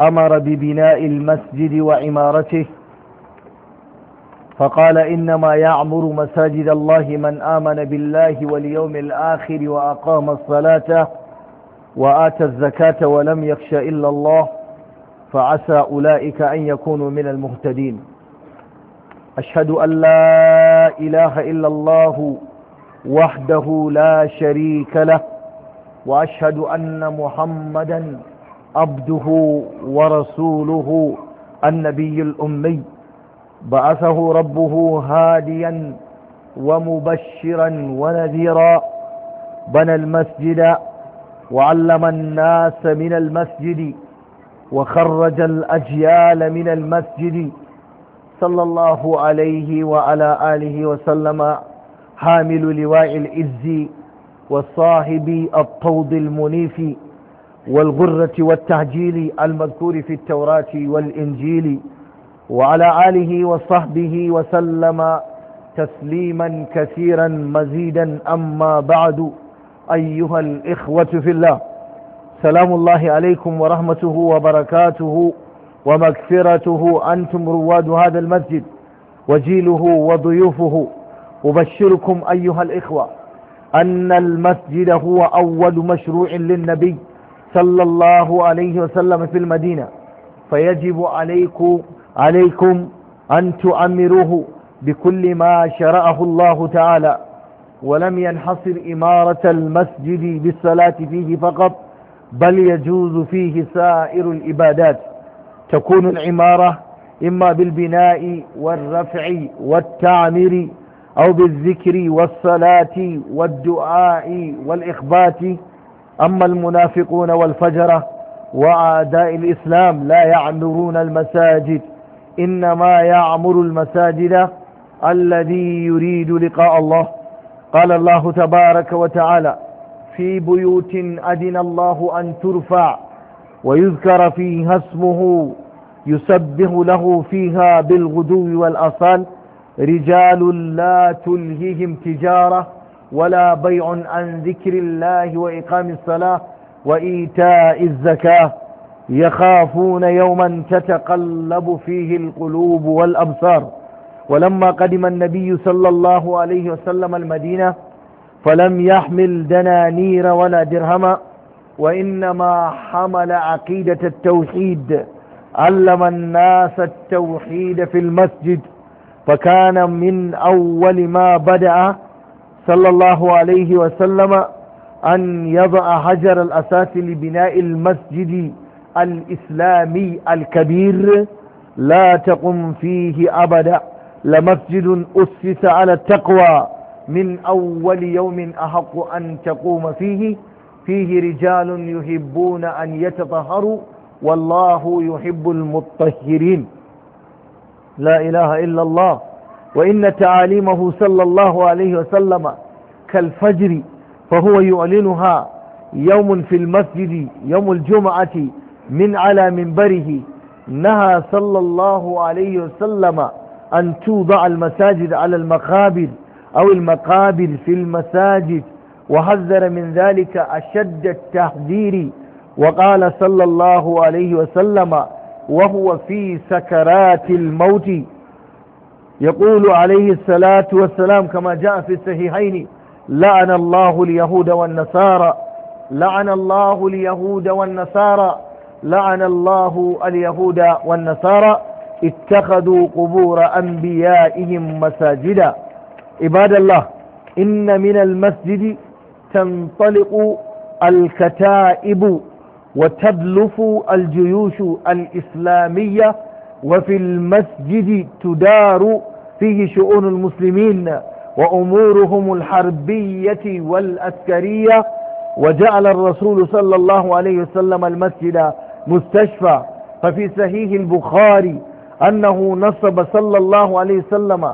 أمر ببناء المسجد وعمارته فقال إنما يعمر مساجد الله من آمن بالله واليوم الآخر وأقام الصلاة وآتى الزكاة ولم يخش إلا الله فعسى أولئك أن يكونوا من المهتدين أشهد أن لا إله إلا الله وحده لا شريك له وأشهد أن محمدا عبده ورسوله النبي الأمي بعثه ربه هاديا ومبشرا ونذيرا بنى المسجد وعلم الناس من المسجد وخرج الأجيال من المسجد صلى الله عليه وعلى آله وسلم حامل لواء الإزي وصاحب الطود المنيف والغرة والتعجيل المذكور في التوراة والإنجيل وعلى آله وصحبه وسلم تسليما كثيرا مزيدا أما بعد أيها الإخوة في الله سلام الله عليكم ورحمته وبركاته ومغفرته أنتم رواد هذا المسجد وجيله وضيوفه أبشركم أيها الإخوة أن المسجد هو أول مشروع للنبي صلى الله عليه وسلم في المدينة فيجب عليكم عليكم أن تؤمروه بكل ما شرعه الله تعالى ولم ينحصر إمارة المسجد بالصلاة فيه فقط بل يجوز فيه سائر الإبادات تكون العمارة إما بالبناء والرفع والتعمير أو بالذكر والصلاة والدعاء والإخبات أما المنافقون والفجرة وعداء الإسلام لا يعمرون المساجد إنما يعمر المساجد الذي يريد لقاء الله قال الله تبارك وتعالى في بيوت أدن الله أن ترفع ويذكر فيها اسمه يسبح له فيها بالغدو والأصال رجال لا تلهيهم تجارة ولا بيع عن ذكر الله وإقام الصلاة وإيتاء الزكاة يخافون يوما تتقلب فيه القلوب والأبصار ولما قدم النبي صلى الله عليه وسلم المدينة فلم يحمل دنانير ولا درهما وإنما حمل عقيدة التوحيد علم الناس التوحيد في المسجد فكان من أول ما بدأ صلى الله عليه وسلم أن يضع حجر الأساس لبناء المسجد الإسلامي الكبير لا تقم فيه أبدا لمسجد أسس على التقوى من أول يوم أحق أن تقوم فيه فيه رجال يحبون أن يتطهروا والله يحب المطهرين لا إله إلا الله وإن تعاليمه صلى الله عليه وسلم كالفجر فهو يعلنها يوم في المسجد يوم الجمعة من على منبره نهى صلى الله عليه وسلم أن توضع المساجد على المقابر أو المقابر في المساجد وحذر من ذلك أشد التحذير وقال صلى الله عليه وسلم وهو في سكرات الموت يقول عليه الصلاة والسلام كما جاء في الصحيحين لعن الله اليهود والنصارى لعن الله اليهود والنصارى لعن الله اليهود والنصارى اتخذوا قبور أنبيائهم مساجدا عباد الله إن من المسجد تنطلق الكتائب وتبلف الجيوش الإسلامية وفي المسجد تدار فيه شؤون المسلمين وأمورهم الحربية والأسكرية وجعل الرسول صلى الله عليه وسلم المسجد مستشفى ففي صحيح البخاري أنه نصب صلى الله عليه وسلم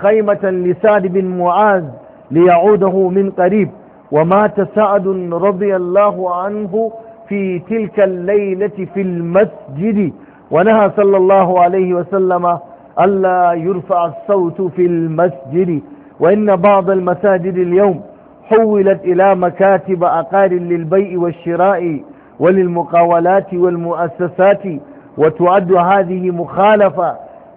خيمة لسعد بن معاذ ليعوده من قريب ومات سعد رضي الله عنه في تلك الليلة في المسجد ونهى صلى الله عليه وسلم ألا يرفع الصوت في المسجد وإن بعض المساجد اليوم حولت إلى مكاتب أقار للبيع والشراء وللمقاولات والمؤسسات وتعد هذه مخالفة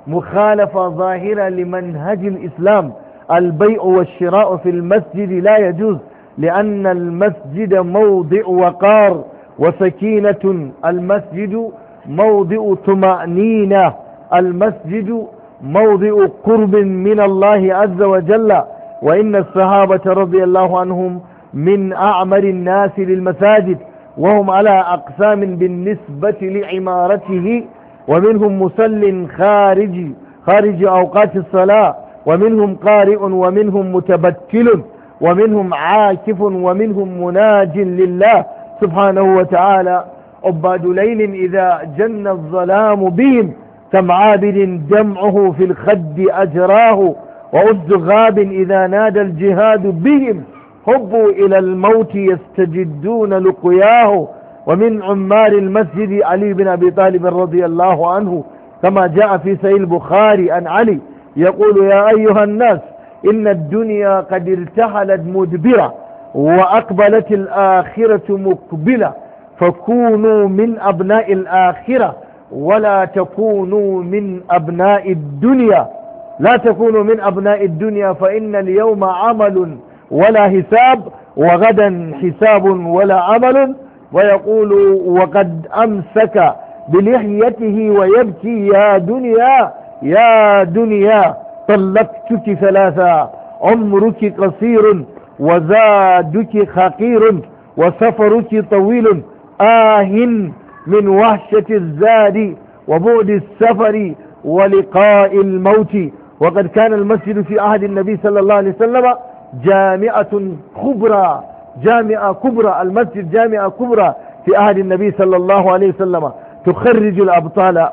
مخالفة ظاهرة لمنهج الإسلام البيع والشراء في المسجد لا يجوز لأن المسجد موضع وقار وسكينة المسجد موضع طمأنينة المسجد موضع قرب من الله عز وجل وإن الصحابة رضي الله عنهم من أعمر الناس للمساجد وهم على أقسام بالنسبة لعمارته ومنهم مسل خارج خارج أوقات الصلاة ومنهم قارئ ومنهم متبتل ومنهم عاكف ومنهم مناج لله سبحانه وتعالى عباد ليل إذا جن الظلام بهم كمعابد دمعه في الخد أجراه وعز غاب إذا نادى الجهاد بهم هبوا إلى الموت يستجدون لقياه ومن عمار المسجد علي بن أبي طالب رضي الله عنه كما جاء في سيل البخاري عن علي يقول يا أيها الناس إن الدنيا قد ارتحلت مدبرة وأقبلت الآخرة مقبلة فكونوا من أبناء الآخرة ولا تكونوا من أبناء الدنيا لا تكونوا من أبناء الدنيا فإن اليوم عمل ولا حساب وغدا حساب ولا عمل ويقول وقد أمسك بلحيته ويبكي يا دنيا يا دنيا طلقتك ثلاثا عمرك قصير وزادك خقير وسفرك طويل آه من وحشة الزاد وبعد السفر ولقاء الموت وقد كان المسجد في عهد النبي صلى الله عليه وسلم جامعة كبرى جامعة كبرى المسجد جامعة كبرى في عهد النبي صلى الله عليه وسلم تخرج الأبطال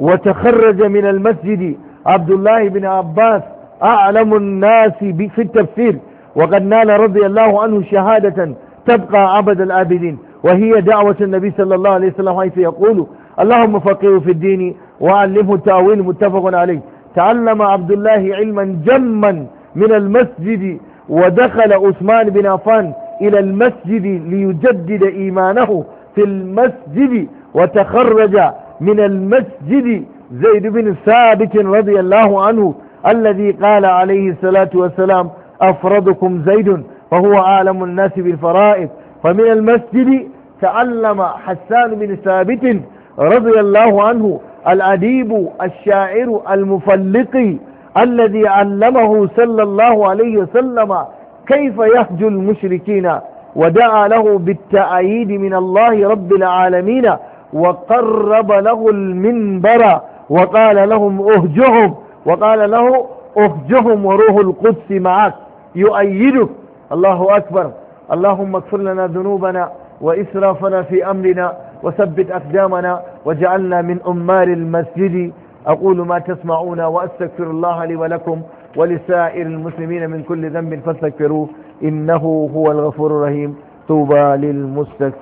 وتخرج من المسجد عبد الله بن عباس أعلم الناس في التفسير وقد نال رضي الله عنه شهادة تبقى عبد الآبدين وهي دعوة النبي صلى الله عليه وسلم حيث يقول اللهم فقهه في الدين وعلمه التأويل متفق عليه تعلم عبد الله علما جما من المسجد ودخل عثمان بن عفان إلى المسجد ليجدد إيمانه في المسجد وتخرج من المسجد زيد بن ثابت رضي الله عنه الذي قال عليه الصلاة والسلام أفردكم زيد فهو أعلم الناس بالفرائض فمن المسجد تعلم حسان بن ثابت رضي الله عنه الأديب الشاعر المفلقي الذي علمه صلى الله عليه وسلم كيف يهجو المشركين ودعا له بالتأييد من الله رب العالمين وقرب له المنبر وقال لهم اهجهم وقال له اهجهم وروح القدس معك يؤيدك الله أكبر اللهم اغفر لنا ذنوبنا وإسرافنا في أمرنا وثبت أقدامنا وجعلنا من أمار المسجد أقول ما تسمعون وأستغفر الله لي ولكم ولسائر المسلمين من كل ذنب فاستغفروه إنه هو الغفور الرحيم طوبى للمستكفرين